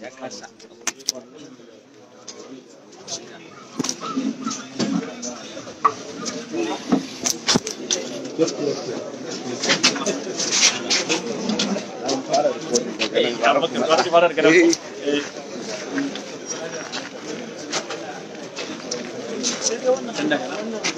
Ya kerasa. Thank you.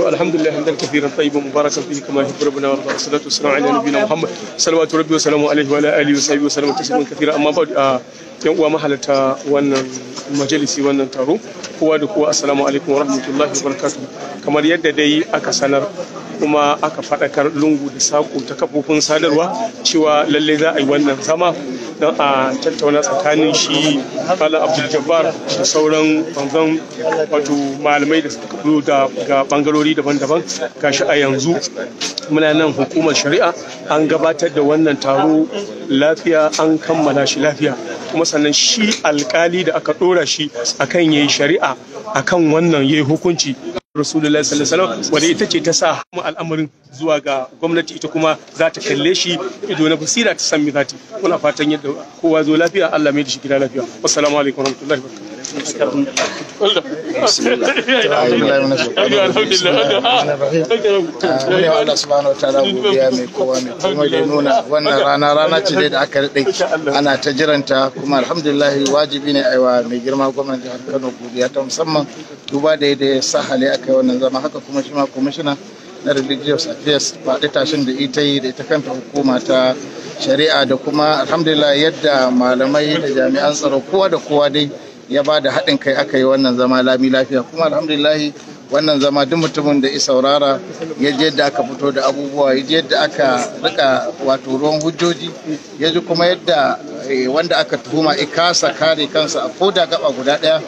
الحمد لله حمدا كثيرا طيبا مباركا فيه كما يحب ربنا ويرضى والصلاه والسلام على نبينا محمد صلوات ربي وسلامه عليه وعلى اله وصحبه وسلم تسليما كثيرا اما بعد yan uwa mahalarta wannan majalisi wannan taro kowa da kowa assalamu alaikum wa rahmatullahi wa kamar yadda dai aka sanar kuma aka faɗakar lungu da saƙo ta kafofin sadarwa cewa lalle za a yi wannan zama don a tattauna tsakanin shi malam abdul jabbar da sauran banzan wato malamai da suka fito ga bangarori daban-daban gashi a yanzu muna nan hukumar shari'a an gabatar da wannan taro lafiya an kammala shi lafiya kuma sannan shi alkali da aka dora shi akan yayi shari'a akan wannan yayi hukunci Rasulullah sallallahu alaihi wanda ita ce ta sa mu al'amarin zuwa ga gwamnati ita kuma za ta kalle shi ido na basira ta san mi zati muna fatan yadda kowa zo lafiya Allah mai da shi gida lafiya assalamu alaikum warahmatullahi wabarakatuh Allah subhanahu wa ta'ala godiya mai nuna wannan rana rana ce da aka daɗe ana ta jiranta kuma alhamdulillah wajibi ne aiwa mai girma gwamnan jihar Kano godiya ta musamman duba da yadda ya sa hali aka yi wannan zama haka kuma shi ma kwamishina na religious affairs faɗi tashin da ita yi da ita kanta hukuma ta shari'a da kuma alhamdulillah yadda malamai da jami'an tsaro kowa da kowa dai ya ba da haɗin kai aka yi wannan zama lami lafiya kuma alhamdulillah wannan zama duk mutumin da saurara ya je yadda aka fito da abubuwa ya je yadda aka rika wato ruwan hujjoji ya ji kuma yadda eh, wanda aka tuhuma ikasa kare kansa a koda gaba guda daya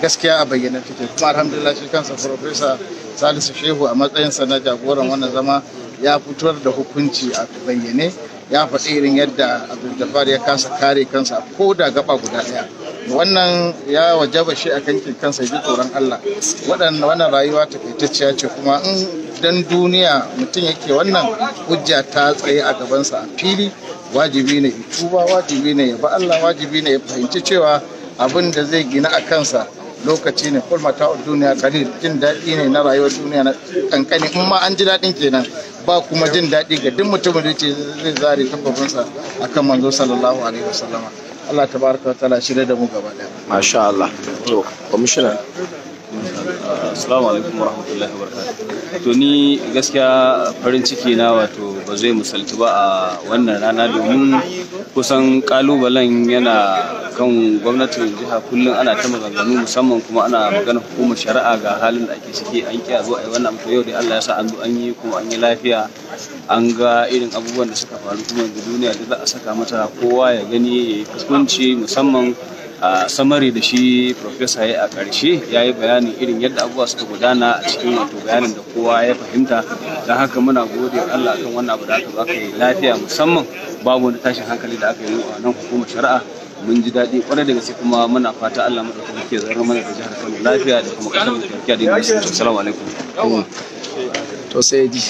gaskiya a bayyana take kuma alhamdulillah shi kansa profesa salisu shehu a matsayinsa na jagoran wannan zama ya fitowar da hukunci a bayyane ya faɗi irin yadda abdul ya kasa kare kansa a da gaba guda daya wannan ya wajaba shi akan kan kansa ji tsoron Allah waɗannan wannan rayuwa takaitacciya ce kuma in dan duniya mutum yake wannan hujja ta tsaye a gabansa a fili wajibi ne ya tuba wajibi ne ya ba Allah wajibi ne ya fahimci cewa abin da zai gina a kansa lokaci ne ta duniya kalil jin daɗi ne na rayuwar duniya na kankani in ma an ji daɗin kenan ba kuma jin daɗi ga duk mutumin da ce zai zare tabbabinsa akan manzo sallallahu alaihi wasallama Allah ta wa ta'ala shirya da mu gaba daya masha Allah to commissioner assalamu alaikum warahmatullahi wabarakatuh to ni gaskiya farin ciki na wato ba zai musaltu ba a wannan rana domin kusan kalubalen yana kan gwamnatin jiha kullum ana ta maganganu musamman kuma ana magana hukumar shari'a ga halin da ake ciki an kiya zo a yi wannan to yau da Allah ya sa an zo an yi kuma an yi lafiya an ga irin abubuwan da suka faru kuma yanzu duniya da za a saka mata kowa ya gani ya yi kuskunci musamman a samari da shi profesa ya a ƙarshe ya yi bayanin irin yadda abubuwa suka gudana a cikin wato bayanin da kowa ya fahimta don haka muna gode allah kan wannan abu da aka zo yi lafiya musamman babu wani tashin hankali da aka yi a nan hukumar shari'a mun ji daɗi kwarai da gaske kuma muna fata allah madaukakin yake zarar mana da jihar kano lafiya da kuma ƙasar mu lafiya da yake assalamu alaikum to sai ji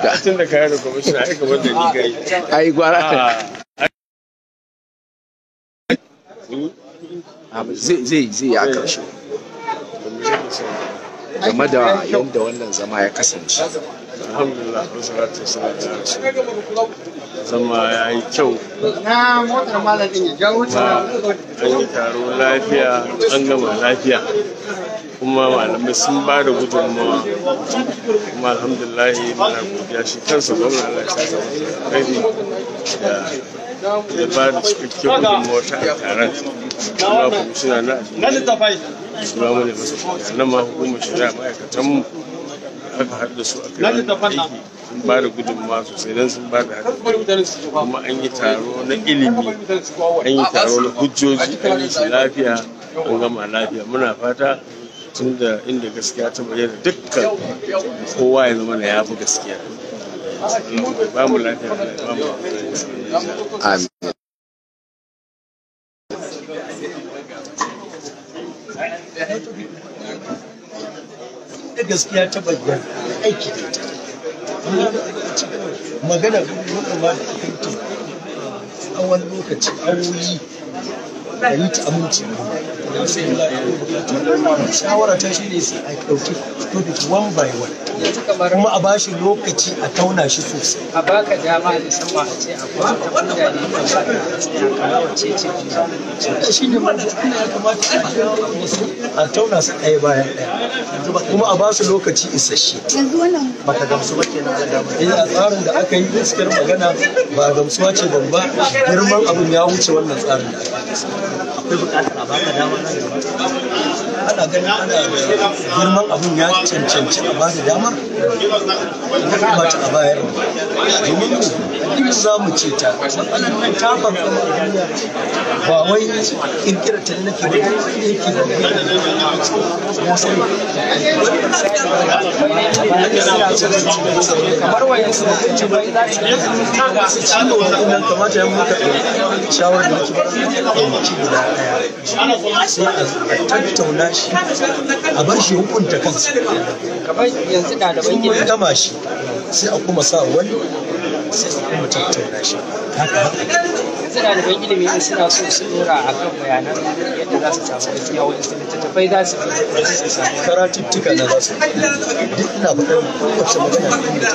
ga tun da kayar da kwamishina ai kamar da ni gai ai gwara ah. zai zai ya karshe game da yadda wannan zama ya kasance alhamdulillah zama ya yi kyau na motar malamin ya jawo ta an yi taro lafiya an gama lafiya kuma malamai sun ba da gudunmawa kuma alhamdulillah muna godiya shi kansa gwamna Allah ya sa da ya ba da cikakken gudunmawa ta taron ma hukumar shari'a mu aka da su a ba da gudunmawa sosai don sun ba da kuma an yi taro na ilimi an yi taro na hujjoji an yi shi lafiya an gama lafiya muna fata tun da inda gaskiya ta bayyana dukkan kowa ya zama na ya fi gaskiya ba mu lafiya ba mu da gaskiya ta bayyana aiki da ita magana gudu makama da aka yi ta tsawon lokaci awoyi da yi ta aminci shawara ta shi ne sai a ɗauki topic one by one kuma a bashi lokaci a tauna shi sosai a baka dama musamman a ce a wata kuda ne da ya ta wace ce ce shi ne wanda ya kamata a tauna su ɗaya bayan ɗaya kuma a basu lokaci isasshe baka gamsu ba ke da dama ba. Eh, a tsarin da aka yi iskar magana ba gamsuwa ce ba? girman abin ya wuce wannan tsarin da aka yi akwai bukatar a baka ana ganin ana girman abun ya cancanci a bada damar ya kamata a bayar domin mu duk za mu ce ta matsalar nan ta faru a duniya ba wai kirkira ta nake ba yake da ya sani kamar wayan su da kunci bai za su yi su ciwo wannan kamata ya muka shawarar da ke ba ci sai a tattauna shi a bar shi hukunta kansa gama shi sai a kuma sa wani sai a kuma tattauna shi haka haka suna da ban ilimi ne suna so su dora a kan bayanan yadda za su samu gaskiya wajen su littattafai za su karatu tuka na za su duk ina faɗin kowace magana da ta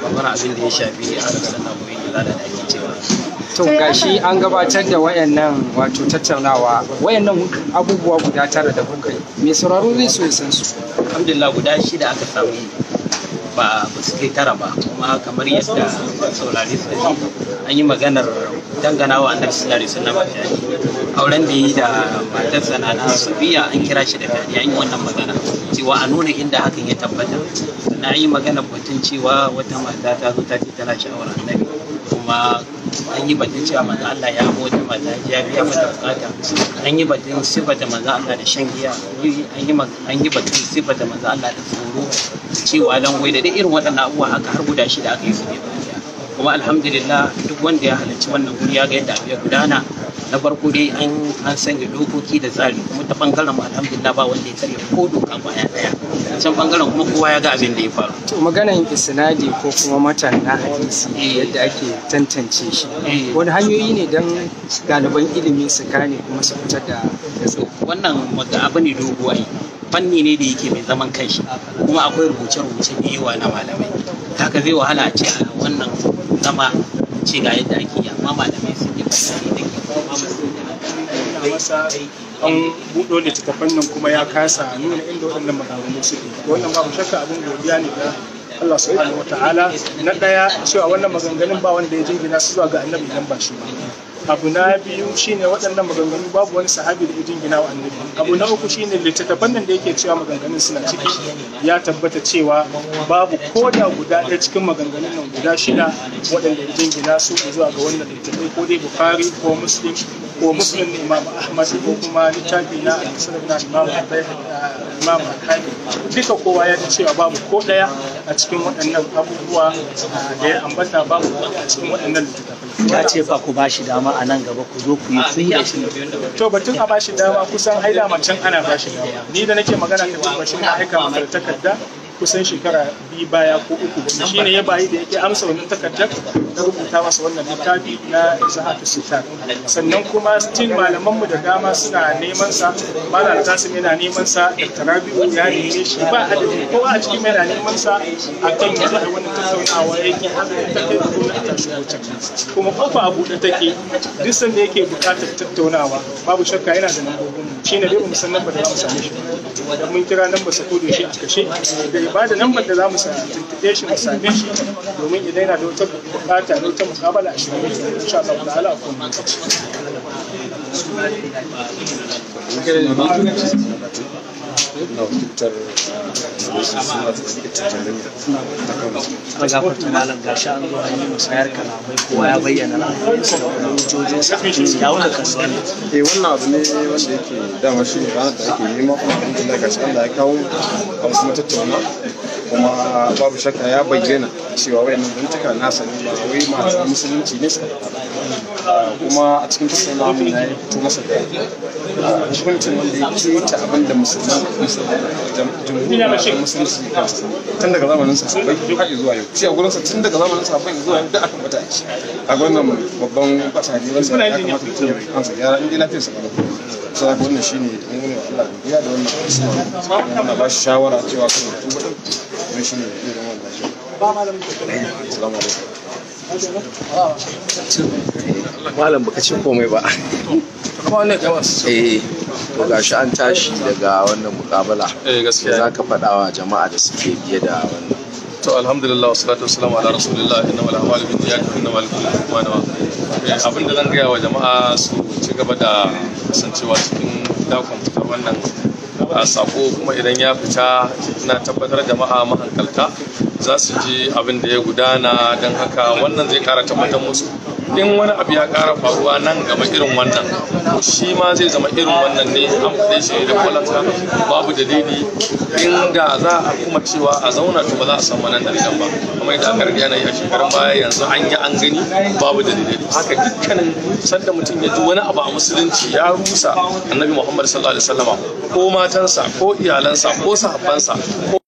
bangaren abin da ya shafi a rasar na koyi da ake cewa to gashi an gabatar da wayannan wato tattaunawa wayannan abubuwa guda tara da kuka mai sauraro zai so ya san su alhamdulillah guda shida aka samu ba ba su kai tara ba kuma kamar yadda saurari su an yi maganar dangana wa annabi sallallahu alaihi wasallam auren da yi da matar sana'a na sabiya an kira shi da fadi an yi wannan magana cewa a nuna inda hakan ya tabbata na yi magana batun cewa wata mata ta zo ta ce tana sha'awar annabi kuma an yi batun cewa maza Allah ya amo wata mata ya biya mata bukata an yi batun sifata maza Allah da shan giya an yi batun sifata maza Allah da tsoro cewa langwai da irin waɗannan abubuwa haka har guda shida aka yi su ne kuma alhamdulillah duk wanda ya halarci wannan guri ya ga yadda abu ya gudana na farko dai an sanya dokoki da tsari kuma ta bangaren mu alhamdulillah ba wanda ya tsare ko doka baya daya can bangaren kuma kowa ya ga abin da ya faru to maganan isnadi ko kuma matan na hadisi eh. yadda ake tantance shi eh. wani hanyoyi ne dan galiban ilimi su gane kuma su fitar da wannan abu ne doguwa fanni ne da yake mai zaman kanshi kuma akwai rubuce-rubuce da yawa na malamai haka zai wahala a ce a wannan zama ce ga yadda ake yi amma malamai nuna masa an buɗo littattafan nan kuma ya kasa nuna inda waɗannan maganganu suke wannan babu shakka abin godiya ne ga Allah subhanahu Ta'ala. na ɗaya cewa wannan maganganun ba wanda ya jingina su zuwa ga annabi idan ba shi ba abu na biyu shine waɗannan maganganu babu wani sahabi da ya jingina wa annabi abu na uku shine littattafan nan da yake cewa maganganun suna ciki ya tabbata cewa babu ko da guda ɗaya cikin maganganun nan guda shida waɗanda ya jingina su zuwa ga wannan littattafai ko dai bukari ko muslim wa muslim imam ahmad ko kuma littafi na al ah, imam al-hadi duka kowa ya cewa babu ko daya a cikin waɗannan abubuwa ah, da ya ambata babu a cikin waɗannan littattafai ya ce fa ku bashi dama a nan gaba ku zo ku yi sun yi to batun a bashi dama kusan haila macen ana bashi dama ni da nake magana da bashin ma'aika masar takarda kusan shekara biyu baya ko uku wanda shi ne ya bayi da yake amsa wani takardar na rubuta masa wannan littafi na ta sitar sannan kuma stin mu da dama suna neman sa malam tasim yana neman sa dr rabiu ya neme shi ba adadi kowa a cikin yana neman sa akan ya zai wani tattaunawa yake hakan ta ta kuma kofa a buɗe take duk sanda yake buƙatar tattaunawa babu shakka yana da gobe shi ne dai ba mu san lambar da za mu same shi da mun kira nan ba da shi a kashe da ba da lambar da za mu tuntuɓe shi mu same shi domin idan yana da wata bukata da wata muƙabala a shi mu insha Allah ta'ala a kuma lokaci na wakiltar a gashi an yi musayar kalamai kowa ya bayyana ra'ayinsa wannan abu ne wanda yake dama shi ranar da ake nema kuma da gashi Allah ya kawo an kuma tattauna kuma babu shakka ya bayyana cewa wayannan zantuka nasa ne ba wai masu musulunci ne suka kuma a cikin tattauna mu na fito masa da hukuncin wanda ya keta abin da musulman jamhuriyar musulunci ya kansa tun daga zamanin sahabbai har zuwa yau shi a gurin tun daga zamanin sahabbai zuwa yau duk aka bata shi a gurin babban bata ne wanda ya kamata mutum ya kansa gyara inda lafiyar sa kalau sai ga wannan shine da mun wa Allah biya da wannan musulman muna ba shi shawara cewa kan mutum don shine zai zama lafiya ba malamin assalamu alaikum malam baka ce komai ba eh to gashi an tashi daga wannan mukabala eh, gaskiya za ka faɗa wa jama'a da suke biye da wannan to alhamdulillah wassalatu wassalamu ala rasulillah innamal a'malu binniyat wa innamal a'malu eh, abin da zan gaya wa jama'a su ci gaba da kasancewa cikin dakon ta wannan a ah, sako kuma idan ya fita na tabbatar jama'a mahankalta za su ji abin da ya gudana don haka wannan zai kara tabbatar musu in wani abu ya kara faruwa nan gaba irin wannan shi ma zai zama irin wannan ne an faɗe shi da kwalata babu dalili inda za a kuma cewa a zauna to ba za a samu nan da ba kuma idan aka riga yi a shekarun baya yanzu an yi an gani babu dalili. haka dukkanin sanda mutum ya ji wani abu a musulunci ya rusa annabi muhammad sallallahu alaihi wasallama ko matansa ko iyalansa ko sahabbansa